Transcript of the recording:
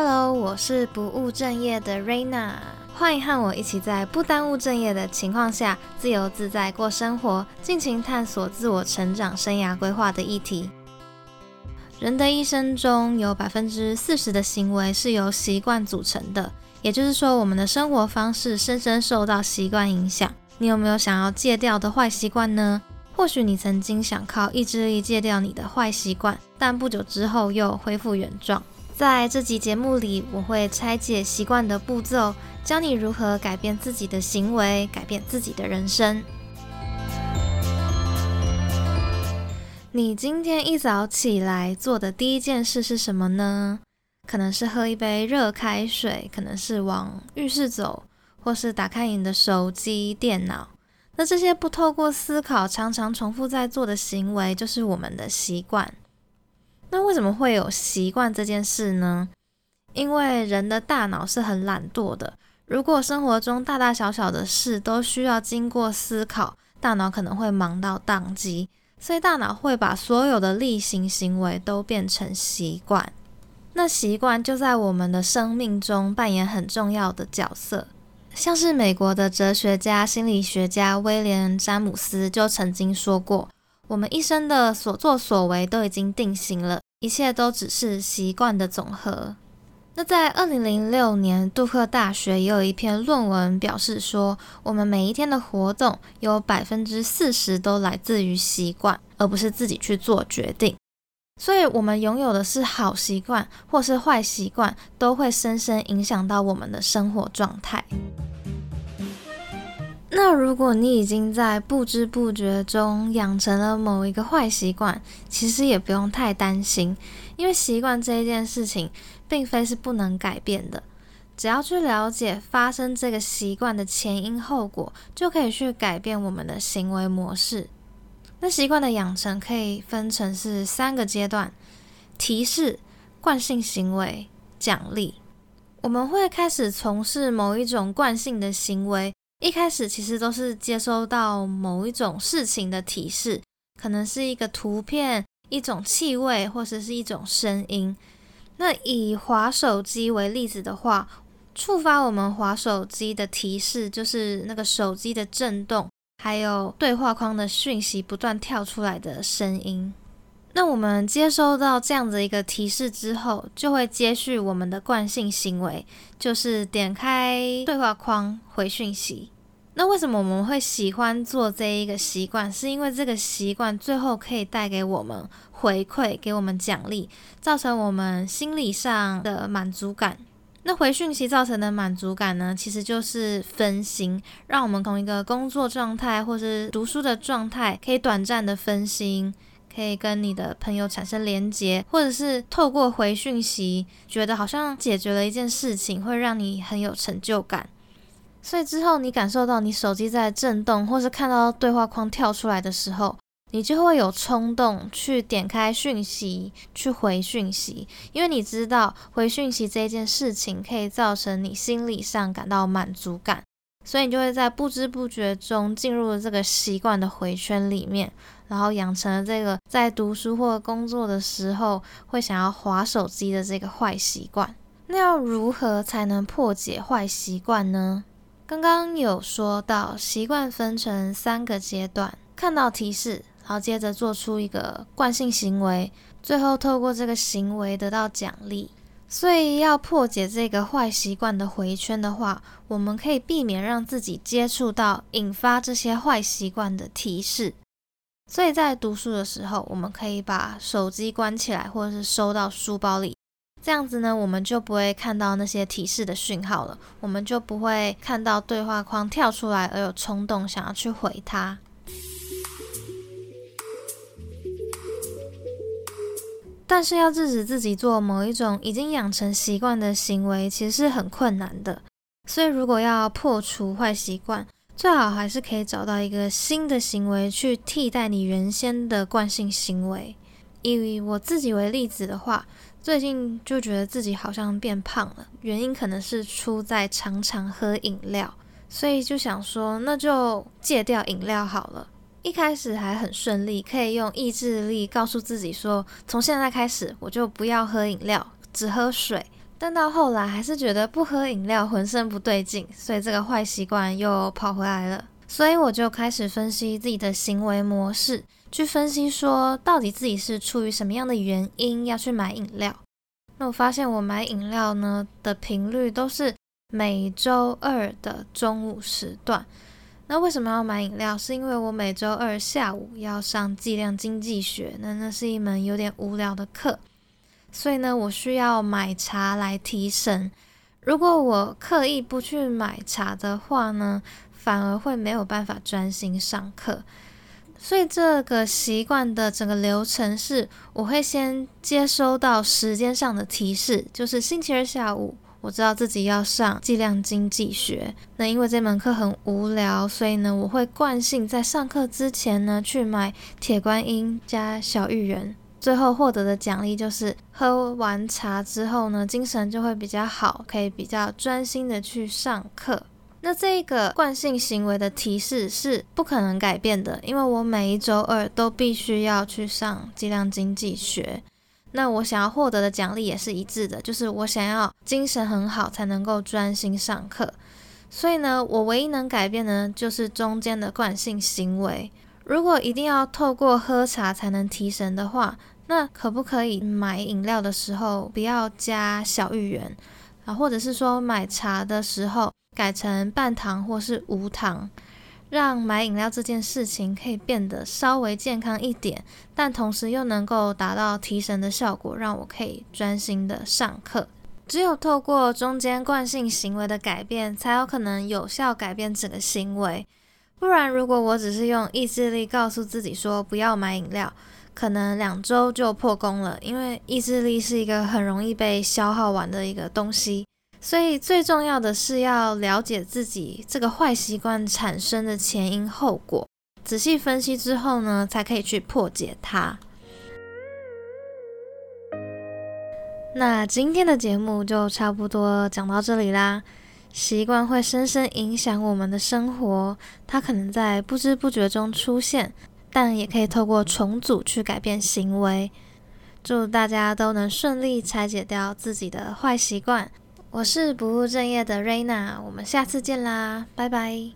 Hello，我是不務正業的 Raina，歡迎和我一起在不耽誤正業的情況下，自由自在過生活，盡情探索自我成長、生涯規劃的議題。人的一生中有百分之四十的行為是由習慣組成的，也就是說，我們的生活方式深深受到習慣影響。你有沒有想要戒掉的壞習慣呢？或許你曾經想靠意志力戒掉你的壞習慣，但不久之後又恢復原狀。在這集節目裡，我會拆解習慣的步驟，教你如何改變自己的行為，改變自己的人生。你今天一早起來做的第一件事是什麼呢？可能是喝一杯熱開水，可能是往浴室走，或是打開你的手機、電腦。那這些不透過思考，常常重複在做的行為，就是我們的習慣。那為什麼會有習慣這件事呢？因為人的大腦是很懶惰的，如果生活中大大小小的事都需要經過思考，大腦可能會忙到宕機，所以大腦會把所有的例行行為都變成習慣。那習慣就在我們的生命中扮演很重要的角色，像是美國的哲學家、心理學家威廉·詹姆斯就曾經說過。我們一生的所作所為都已經定型了，一切都只是習慣的總和。那在二零零六年，杜克大學也有一篇論文表示說，我們每一天的活動有百分之四十都來自於習慣，而不是自己去做決定。所以，我們擁有的是好習慣或是壞習慣，都會深深影響到我們的生活狀態。那如果你已經在不知不覺中養成了某一個壞習慣，其實也不用太擔心，因為習慣這一件事情並非是不能改變的。只要去了解發生這個習慣的前因後果，就可以去改變我們的行為模式。那習慣的養成可以分成是三個階段：提示、慣性行為、獎勵。我們會開始從事某一種慣性的行為。一開始其實都是接收到某一種事情的提示，可能是一個圖片、一種氣味，或者是一種聲音。那以滑手機為例子的話，觸發我們滑手機的提示就是那個手機的震動，還有對話框的訊息不斷跳出來的聲音。那我們接收到這樣的一個提示之後，就會接續我們的慣性行為，就是點開對話框回訊息。那為什麼我們會喜歡做這一個習慣？是因為這個習慣最後可以帶給我們回饋，給我們獎勵，造成我們心理上的滿足感。那回訊息造成的滿足感呢，其實就是分心，讓我們從一個工作狀態或是讀書的狀態，可以短暫的分心。可以跟你的朋友產生連結，或者是透過回訊息，覺得好像解決了一件事情，會讓你很有成就感。所以之後你感受到你手機在震動，或是看到對話框跳出來的時候，你就會有衝動去點開訊息，去回訊息，因為你知道回訊息這件事情可以造成你心理上感到滿足感。所以你就會在不知不覺中進入了這個習慣的回圈裡面，然後養成了這個在讀書或工作的時候會想要滑手機的這個壞習慣。那要如何才能破解壞習慣呢？剛剛有說到習慣分成三個階段：看到提示，然後接着做出一個慣性行為，最後透過這個行為得到獎勵。所以要破解這個壞習慣的迴圈的話，我們可以避免讓自己接觸到引發這些壞習慣的提示。所以在讀書的時候，我們可以把手機關起來，或者是收到書包裡。這樣子呢，我們就不會看到那些提示的訊號了，我們就不會看到對話框跳出來，而有衝動想要去回它。但是要制止自己做某一種已經養成習慣的行為，其實是很困難的。所以，如果要破除壞習慣，最好還是可以找到一個新的行為去替代你原先的慣性行為。以我自己為例子的話，最近就覺得自己好像變胖了，原因可能是出在常常喝飲料，所以就想說，那就戒掉飲料好了。一開始還很順利，可以用意志力告訴自己說，從現在開始我就不要喝飲料，只喝水。但到後來還是覺得不喝飲料渾身不對勁，所以這個壞習慣又跑回來了。所以我就開始分析自己的行為模式，去分析說到底自己是出於什麼樣的原因要去買飲料。那我發現我買飲料呢的頻率都是每週二的中午時段。那為什麼要買飲料？是因為我每周二下午要上計量經濟學，那那是一門有點無聊的課，所以呢，我需要買茶來提神。如果我刻意不去買茶的話呢，反而會沒有辦法專心上課。所以這個習慣的整個流程是，我會先接收到時間上的提示，就是星期二下午。我知道自己要上計量經濟學，那因為這門課很無聊，所以呢，我會慣性在上課之前呢去買鐵觀音加小芋圓，最後獲得的獎勵就是喝完茶之後呢，精神就會比較好，可以比較專心的去上課。那這個慣性行為的提示是不可能改變的，因為我每一週二都必須要去上計量經濟學。那我想要獲得的獎勵也是一致的，就是我想要精神很好才能夠專心上課。所以呢，我唯一能改變呢，就是中間的慣性行為。如果一定要透過喝茶才能提神的話，那可不可以買飲料的時候不要加小芋圓啊？或者是說買茶的時候改成半糖或是無糖？讓買飲料這件事情可以變得稍微健康一點，但同時又能夠達到提神的效果，讓我可以專心的上課。只有透過中間慣性行為的改變，才有可能有效改變整個行為。不然，如果我只是用意志力告訴自己說不要買飲料，可能兩周就破功了，因為意志力是一個很容易被消耗完的一個東西。所以最重要的是要了解自己這個壞習慣產生的前因後果，仔細分析之後呢，才可以去破解它。那今天的節目就差不多講到這裡啦。習慣會深深影響我們的生活，它可能在不知不覺中出現，但也可以透過重組去改變行為。祝大家都能順利拆解掉自己的壞習慣。我是不務正業的瑞娜，我們下次見啦，拜拜。